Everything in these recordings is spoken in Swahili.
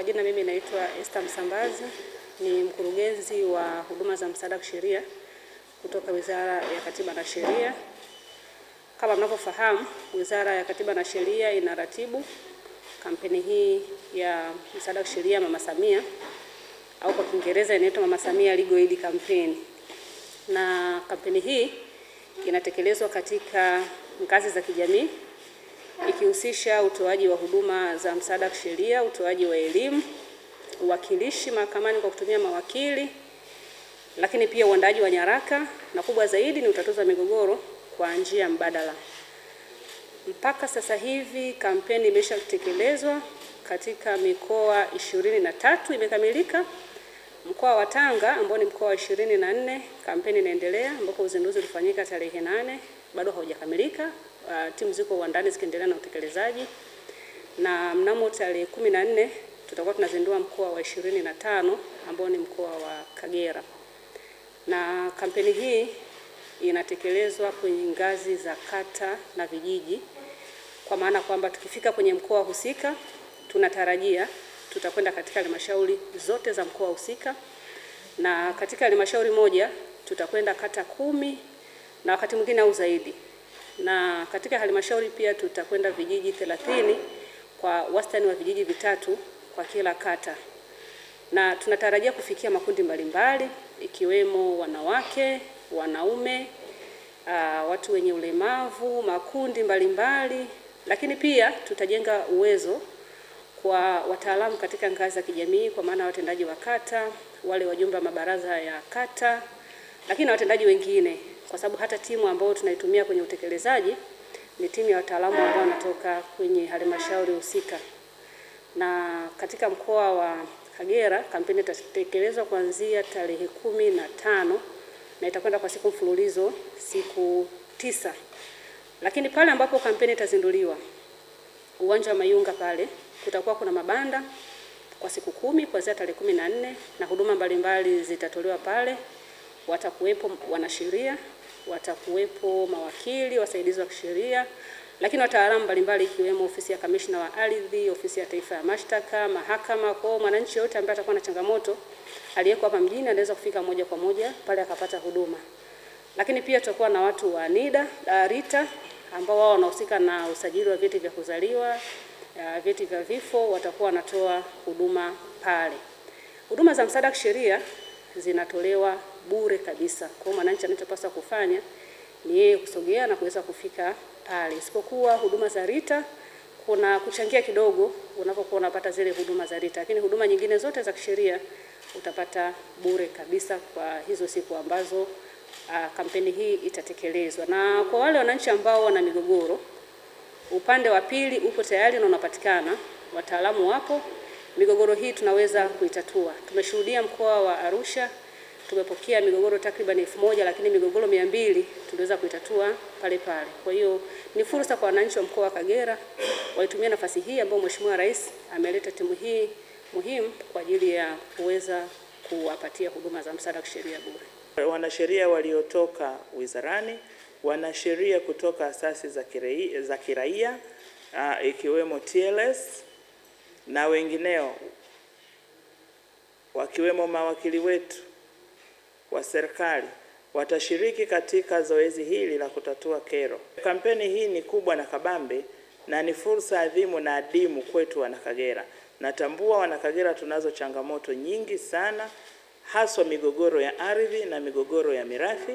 majina, mimi naitwa Esther Msambazi, ni mkurugenzi wa huduma za msaada wa kisheria kutoka Wizara ya Katiba na Sheria. Kama mnavyofahamu, Wizara ya Katiba na Sheria inaratibu kampeni hii ya msaada wa kisheria Mama Samia au kwa Kiingereza inaitwa Mama Samia Legal Aid Campaign, na kampeni hii inatekelezwa katika ngazi za kijamii ikihusisha utoaji wa huduma za msaada wa kisheria, utoaji wa elimu, uwakilishi mahakamani kwa kutumia mawakili, lakini pia uandaji wa nyaraka na kubwa zaidi ni utatuzi wa migogoro kwa njia mbadala. Mpaka sasa hivi kampeni imeshatekelezwa katika mikoa ishirini na tatu imekamilika. Mkoa wa Tanga ambao ni mkoa wa ishirini na nne kampeni inaendelea, ambapo uzinduzi ulifanyika tarehe nane, bado haujakamilika uh, timu ziko uwandani zikiendelea na utekelezaji, na mnamo tarehe kumi na nne tutakuwa tunazindua mkoa wa ishirini na tano ambao ni mkoa wa Kagera, na kampeni hii inatekelezwa kwenye ngazi za kata na vijiji, kwa maana kwamba tukifika kwenye mkoa husika tunatarajia tutakwenda katika halmashauri zote za mkoa husika, na katika halmashauri moja tutakwenda kata kumi na wakati mwingine au zaidi na katika halmashauri pia tutakwenda vijiji thelathini kwa wastani wa vijiji vitatu kwa kila kata, na tunatarajia kufikia makundi mbalimbali ikiwemo wanawake, wanaume, uh, watu wenye ulemavu, makundi mbalimbali, lakini pia tutajenga uwezo kwa wataalamu katika ngazi za kijamii, kwa maana watendaji wa kata, wale wajumbe wa mabaraza ya kata, lakini na watendaji wengine kwa sababu hata timu ambayo tunaitumia kwenye utekelezaji ni timu ya wataalamu ambao wanatoka kwenye halmashauri husika. Na katika mkoa wa Kagera kampeni itatekelezwa kuanzia tarehe kumi na tano na itakwenda kwa siku mfululizo siku tisa, lakini pale ambapo kampeni itazinduliwa uwanja wa Mayunga pale kutakuwa kuna mabanda kwa siku kumi kuanzia tarehe kumi na nne na huduma mbalimbali zitatolewa pale. Watakuwepo wanasheria watakuwepo mawakili, wasaidizi wa kisheria, lakini wataalamu mbalimbali ikiwemo ofisi ya kamishna wa ardhi, ofisi ya taifa ya mashtaka, mahakama. Kwa mwananchi yote ambaye atakuwa na changamoto aliyeko hapa mjini anaweza kufika moja kwa moja pale akapata huduma. Lakini pia tutakuwa na watu wa NIDA, RITA ambao wao wanahusika na usajili wa vyeti vya kuzaliwa, vyeti vya vifo, watakuwa wanatoa huduma pale. Huduma za msaada wa kisheria zinatolewa bure kabisa. Kwa mwananchi anachopaswa kufanya ni yeye kusogea na kuweza kufika pale, isipokuwa huduma za RITA kuna kuchangia kidogo unapokuwa unapata zile huduma za RITA, lakini huduma nyingine zote za kisheria utapata bure kabisa kwa hizo siku ambazo uh, kampeni hii itatekelezwa. Na kwa wale wananchi ambao wana migogoro, upande wa pili upo tayari na unapatikana, wataalamu wapo, migogoro hii tunaweza kuitatua. Tumeshuhudia mkoa wa Arusha tumepokea migogoro takriban elfu moja lakini migogoro mia mbili tuliweza kuitatua pale pale. Kwa hiyo ni fursa kwa wananchi wa mkoa wa Kagera waitumia nafasi hii ambayo Mheshimiwa Rais ameleta timu hii muhimu kwa ajili ya kuweza kuwapatia huduma za msaada wa kisheria bure. Wanasheria waliotoka wizarani, wanasheria kutoka asasi za kiraia, za kiraia uh, ikiwemo TLS na wengineo wakiwemo mawakili wetu wa serikali watashiriki katika zoezi hili la kutatua kero. Kampeni hii ni kubwa na kabambe na ni fursa adhimu na adimu kwetu Wanakagera. Natambua Wanakagera tunazo changamoto nyingi sana, haswa migogoro ya ardhi na migogoro ya mirathi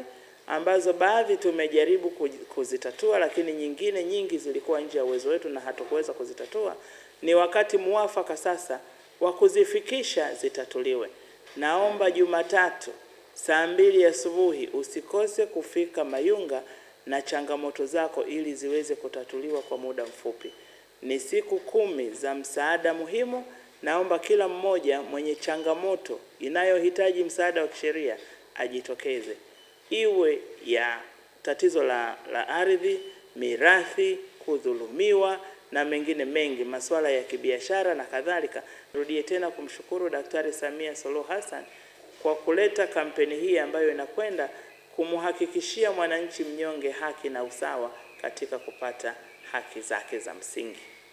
ambazo baadhi tumejaribu kuzitatua, lakini nyingine nyingi zilikuwa nje ya uwezo wetu na hatukuweza kuzitatua. Ni wakati muwafaka sasa wa kuzifikisha zitatuliwe. Naomba Jumatatu Saa mbili asubuhi usikose kufika Mayunga na changamoto zako ili ziweze kutatuliwa kwa muda mfupi. Ni siku kumi za msaada muhimu. Naomba kila mmoja mwenye changamoto inayohitaji msaada wa kisheria ajitokeze, iwe ya tatizo la, la ardhi, mirathi, kudhulumiwa na mengine mengi, masuala ya kibiashara na kadhalika. Rudie tena kumshukuru Daktari Samia Suluhu Hassan kwa kuleta kampeni hii ambayo inakwenda kumhakikishia mwananchi mnyonge haki na usawa katika kupata haki zake za msingi.